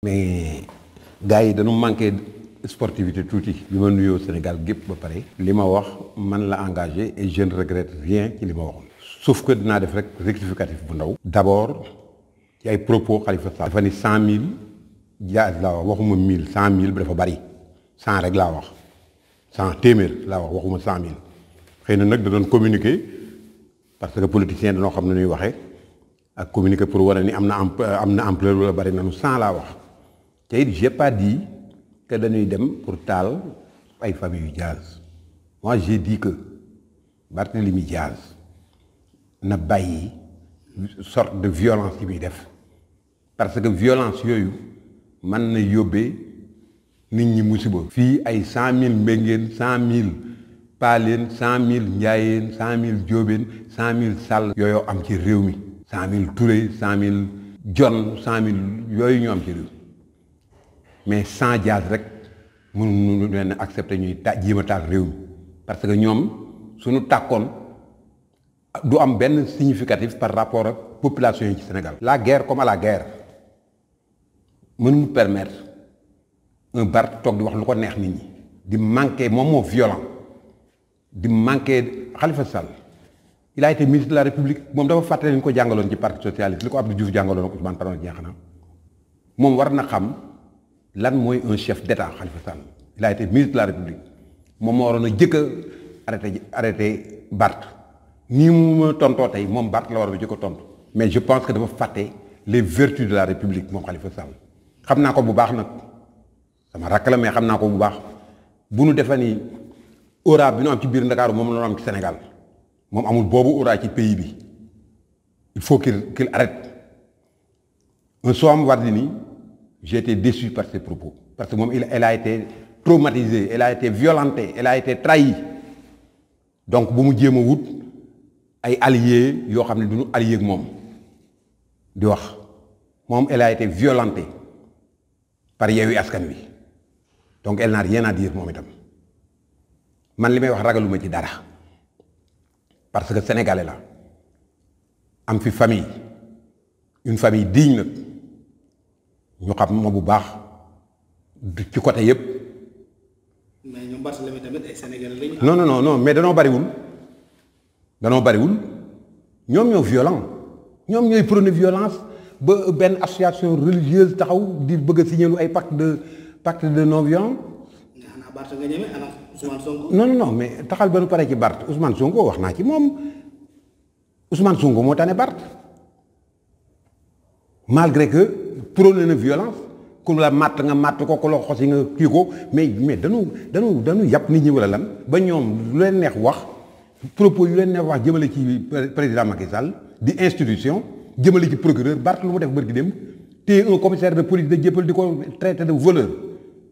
mais gars yi dañu manqué sportivité tuuti bi ma nuyoo Sénégal gépp ba pare li ma wax man la engage et je ne regrette rien ci li ma dinaa def rek rectificatif bu ndaw d'abord ci ay propos Khalifa cent mille jaaj wax waxuma mille cent mille bi dafa bari cent rek laa wax cent téeméer laa wax waxuma cent mille xëy na nag da communiqué parce que politicien danoo xam ne ñuy waxee ak communiquer pour wane ni am na am na ampleur la bari nanu cent laa wax te it j'ai pas dit dañuy dem pour taal ay famille Diaz moi j'ai dit que Barthélemy Diaz na bàyyi sorte de violence yi muy def parce que violence yooyu mën na yóbbee nit ñi musiba fii ay cent mille mbéngeen cent mille paaleen cent mille njaayeen cent mille jóobeen cent mille sàll yooyu am ci réew mi cent mille Touré cent mille John cent mille yooyu ñu am ci réew mais sans Dias rek mënuñu leen accepter ñuy ta jéem a réew mi parce que ñoom suñu tàkkoon du am benn significatif par rapport ak population yi ci Sénégal. la guerre comme à la guerre mënuñu permettre un bar toog di wax lu ko neex nit ñi di manquer moom moo violent di manquer Khalifa Sall il a été ministre de la République moom dafa fàtte leen ko jàngaloon ci parti socialiste li ko Abdou Diouf jàngaloon ak Ousmane Tanor Dieng xanaa moom war na xam. lan mooy un chef d'État Khalifa Sall a été ministre la République moom moo waroon a jëkk a arrêté arrêté nii mu ma tontoo tey moom Barth la war a jëkk tontu mais je pense que dafa fàtte les vertus de la République moom Khalifa Sall xam naa ko bu baax nag sama rakk la mais xam naa ko bu baax bu nu defee ni aura bi nu am ci biir Ndakaaru moom la ñu am ci Sénégal moom amul boobu aura ci pays bi il faut qu'il qu'il arrête un Soham Wardini j'ai été déçu par que propos parce que moom il elle a été traumatisée elle a été violentée elle a été trahie donc bu mu jéem a wut ay allier yoo xam ne du ñu allié moom di wax moom elle a été violentée Askan Wi donc elle n'a rien dire moom itam man li may wax ragaluma ci dara parce que sénégalais la am fi famille une famille diiñ nag ñu xam ma bu baax ci côté yëpp. mais ñoom Barthélemy tamit ay Sénégalais lañu. non non mais danoo bariwul danoo bariwul ñoom ñoo violent ñoom ñooy prôné violence ba benn association religieuse taxaw di bëgg a ay pacte de pacte de non violence. xanaa Barth nga ñeme mais taxal ba nu paree ci Barth Ousmane Sonko wax naa ci moom Ousmane Sonko moo tane Barth malgré prôné na violence ku la màtt nga màtt ko ku la yi nga kii ko mais mais dañu dañu dañu yàpp nit ñi walla lan ba ñoom lu leen neex wax propos yu leen neex wax jëmale ci président Macky Sall di institution jëmale ci procureur Barth lu mu def bërki dem te un commissaire de police de jéppal di ko traité de voleur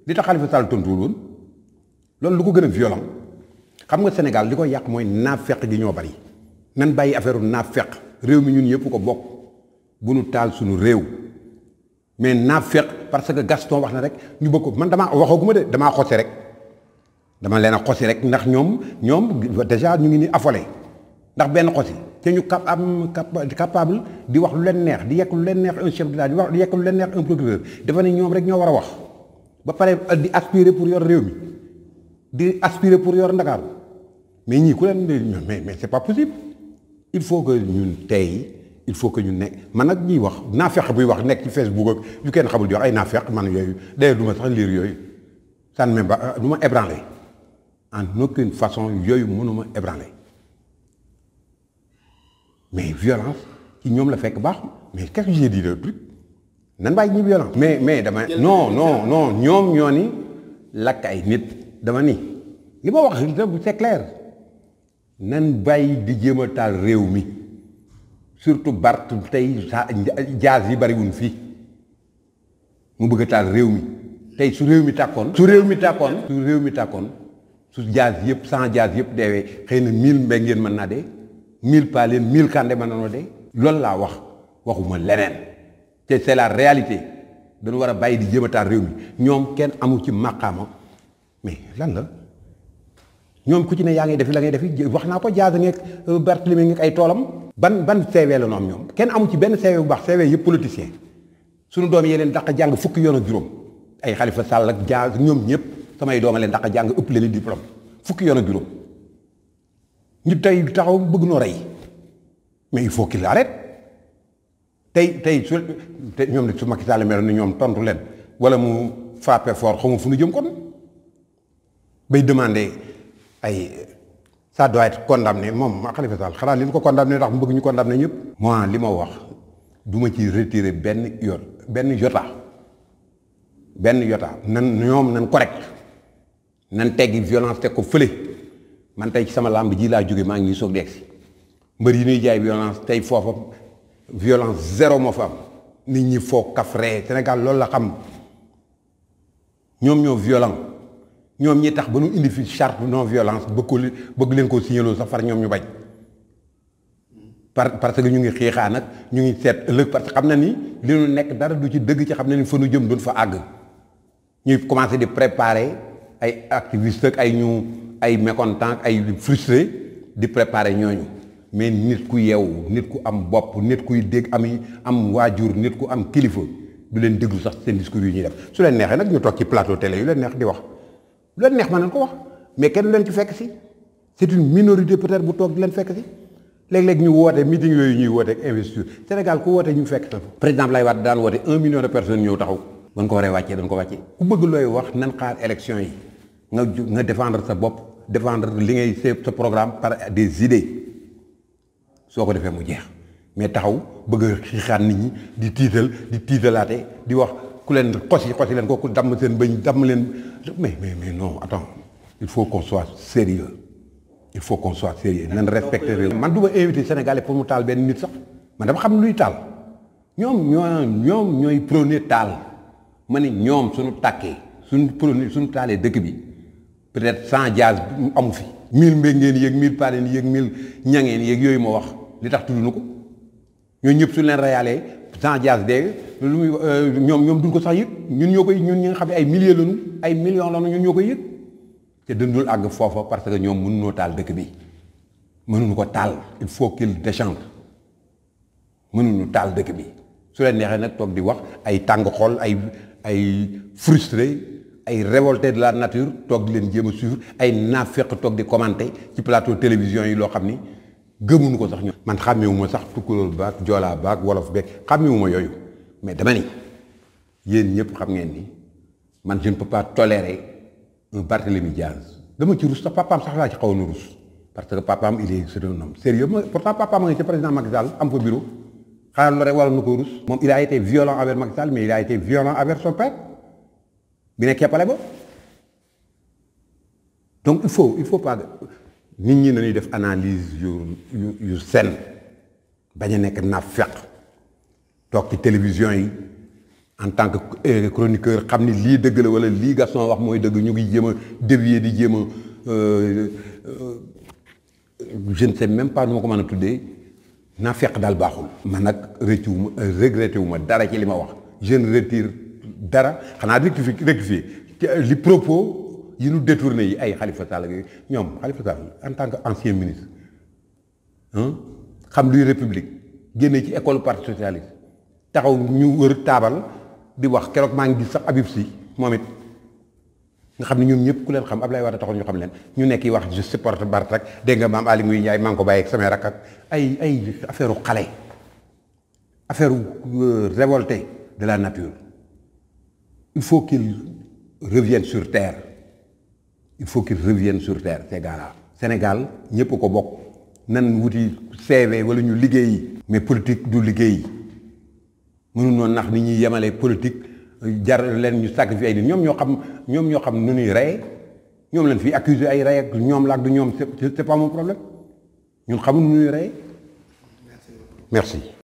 li tax Khalifa Sall tontuwul woon loolu lu ko gën a violent xam nga Sénégal li ko yàq mooy naafeq di ñoo bari nan bàyyi affaire naafeq réew mi ñun yëpp ko bokk bu nu taal suñu réew mais naa féq parce que Gaston wax na rek ñu bëgg ko man dama waxaguma de damaa xosi rek dama leen a xossi rek ndax ñoom ñoom déjà ñu ngi ni affolé ndax benn xosi te ñu cap am capable di wax lu leen neex di yekk lu leen neex un chef d'État di wax di yekk lu leen neex dafa ne ñoom rek ñoo war a wax ba pare euh, di aspirer pour yor réew mi di aspirer pour yor Ndakaaru mais ñii ku leen mais mais c'est pas possible il faut que ñu tey. il faut que ñu ne man nag ñuy wax naafeq buy wax nekk ci Facebook ak yu kenn xamul di wax ay naafeq man yooyu d'ailleurs du ma sax liir yooyu ça ne même euh, pas du façon yooyu mënuma ébranlé mais violence ci ñoom la fekk baax mais qu'est-ce que j'ai dit nan bàyyi ñu violence mais mais dama non non non ñoom ñoo ni lakk ay nit dama ni li ma wax c'est clair nan bàyyi di jéem a taal réew mi surtout Bart tey jaas yi bariwuñ fii mu bëgg a taal réew mi tey su réew mi tàkkoon su réew mi takkoon su réew mi tàkkoon su jaas yëpp sans jaas yëpp deewee xëy na mille mbéy ngeen mën naa de mille paaleen mille kànde mën na noo dee loolu laa wax waxuma leneen te c'est la réalité danu war a bàyyi di jéem a taal réew mi ñoom kenn amu ci màqaama mais lan la ñoom ku ci ne yaa ngi defi la ngay defi wax naa ko jaas ngeeg euh, Barthélemy ngeeg ay toolam ban ban CV la noom ñoom kenn amu ci benn CV bu baax CV yëpp politicien suñu doom yi leen daq jàng fukki yoon ak juróom ay Xalifa Sall ak Dia ñoom ñëpp samay doom leen daq jàng ëpp leen diplôme fukki yoon ak juróom ñu tey taxaw bëgg noo rey mais il faut qu'il arrête tey tey su te ñoom su Macky Sall meloon ni ñoom tontu leen wala mu frappé fort xamu fu nu jëm kon bay demandé ay. ça doit être condamné moom Khalifa Sall xanaa li ñu ko condamné tax mu bëgg ñu condamné ñëpp. moi li ma wax duma ma ci retirer benn yoon benn jota benn jota nan ñoom nan correct nan teggi violence teg ko fële man tey ci sama bi ji laa jóge maa ngi nii soog di egsi mbër yi nuy jaay violence tey foofa violence zéro moo fa am nit ñi foo kafre senegal loolu la xam ñoom ñoo violent ñoom ñi tax ba nu indi fi charte non violence bëgg ko leen koo signaloo sax far ñoom ñu bañ par parce que ñu ngi xiixaa nag ñu ngi seet ëllëg parce que xam na ni li nu nekk dara du ci dëgg ci xam na ni fa nu jëm duñ fa àgg ñuy commencé di préparer ay activiste ak ay ñu ay mécontent ay frustré di préparer ñooñu mais nit ku yeewu nit ku am bopp nit kuy dégg am am waajur nit ku am kilifa du leen déglu sax seen discours yu ñuy def su leen neexee nag ñu toog ci plateau télé yu leen neex di wax lu leen neex mën nañ ko wax mais kenn leen ci fekk si c'est une minorité peut bu toog di leen fekk si léeg-léeg ñu woote meeting yooyu ñuy woote ak investiture Sénégal ku woote ñu fekk sa président Abdoulaye Wade daan woote un million de personnes ñëw taxaw ban ko waree wàccee dañ looy wax nan xaar élection yi nga nga défendre sa bopp défendre li ngay sa programme par des idées soo ko defee mu jeex mais taxaw bëgg a xiixaan ñi di tiital di tiitalaate di wax ku leen xosi xosi leen ko ku damm seen bëñ damm leen mais mais mais non attends il faut qu'on soit sérieux il faut qu'on soit sérieux nan respecter réew euh, man du ma invité sénégalais pour mu taal benn nit sax man dama xam luy taal ñoom ñoo ñoom ñooy prôné taal ma ne ñoom suñu tàkkee suñu prôné suñu taalee dëkk bi peut-être cent gaz amu fi mille mbég ngeen yéeg mille paalen yéeg mille ñangeen yéeg yooyu ma wax li tax tudd na ko ñooñu ñëpp suñ leen rayaalee Jean Dias dégg lu muy euh, ñoom ñoom duñ ko sax yëg ñun ñoo koy ñun ñi nga xam ne ay milliers lañu ay millions lañu ñun ñoo ko yëg te dundul àgg foofa parce que ñoom mënuñoo taal dëkk bi mënuñu ko taal il faut qu'il déchante mënuñu taal dëkk bi su leen neexee nag toog di wax ay tàng xool ay ay frustré ay révolté de la nature toog di leen jéem a suivre ay naafeq toog di commenter ci plateau télévision yi loo xam ni gëmuñu ko sax ñu man xàmmewuma sax tukkulóor baag joolaa baag wolof beeg xàmmewuma yooyu mais dama ni yéen ñëpp xam ngeen ni man je ne peux pas tolérer un Barthélemy Diaz dama ci rus sax papaam sax laa ci xaw a rus parce que papaam il est c'est un homme sérieux pourtant papaam a ngi ci président Macky Sall am fa bureau xanaa loolu rek waral na ko rus. moom il a été violent avec Macky mais il a été violent avec son père bi nekkee pale ba donc il faut nit ñi nañuy def analyse yu yu yu sen bañ a nekk na feq toog ci télévision yi en tant que euh, chroniqueur xam ni lii dëgg la wala lii Gaston wax mooy dëgg ñu ngi jéem a dévier di jéem a euh, je ne sais même pas nu ko mën a tuddee naa feq daal baaxul. man nag rëccu wu ma regretté dara ci li ma wax je ne dara xanaa rectifier li propos. yi ñu détourné yi ay Khalifa Sall yooyu ñoom Khalifa Sall en tant que ancien ministre xam luy république génne ci école parti socialiste taxaw ñu wër taabal di wax keroog maa ngi gis sax Habib Sy moom it nga xam ne ñoom ñëpp ku leen xam Ablaye Wade taxoon ñu xam leen ñu nekk yi wax je supporte Barth dégg nga maam Aly Ngouille Ndiaye maa ko bàyyi ak samay rakk ak ay ay affaire u xale affaire euh, révolté de la nature il faut qu'il revienne sur terre il faut qu'ils reviennent sur terre ces gars-là Sénégal ñëpp ko bokk nan wuti CV wala ñu liggéey mais politique du liggéey mënu noonu nax ni ñuy yemale politique jar leen ñu sacrifier ay nit ñoom ñoo xam ñoom ñoo xam nu ñuy rey ñoom leen fii accuser ay rey ak ñoom la du ñoom c'est pas mon problème ñun xamul nu ñuy rey merci.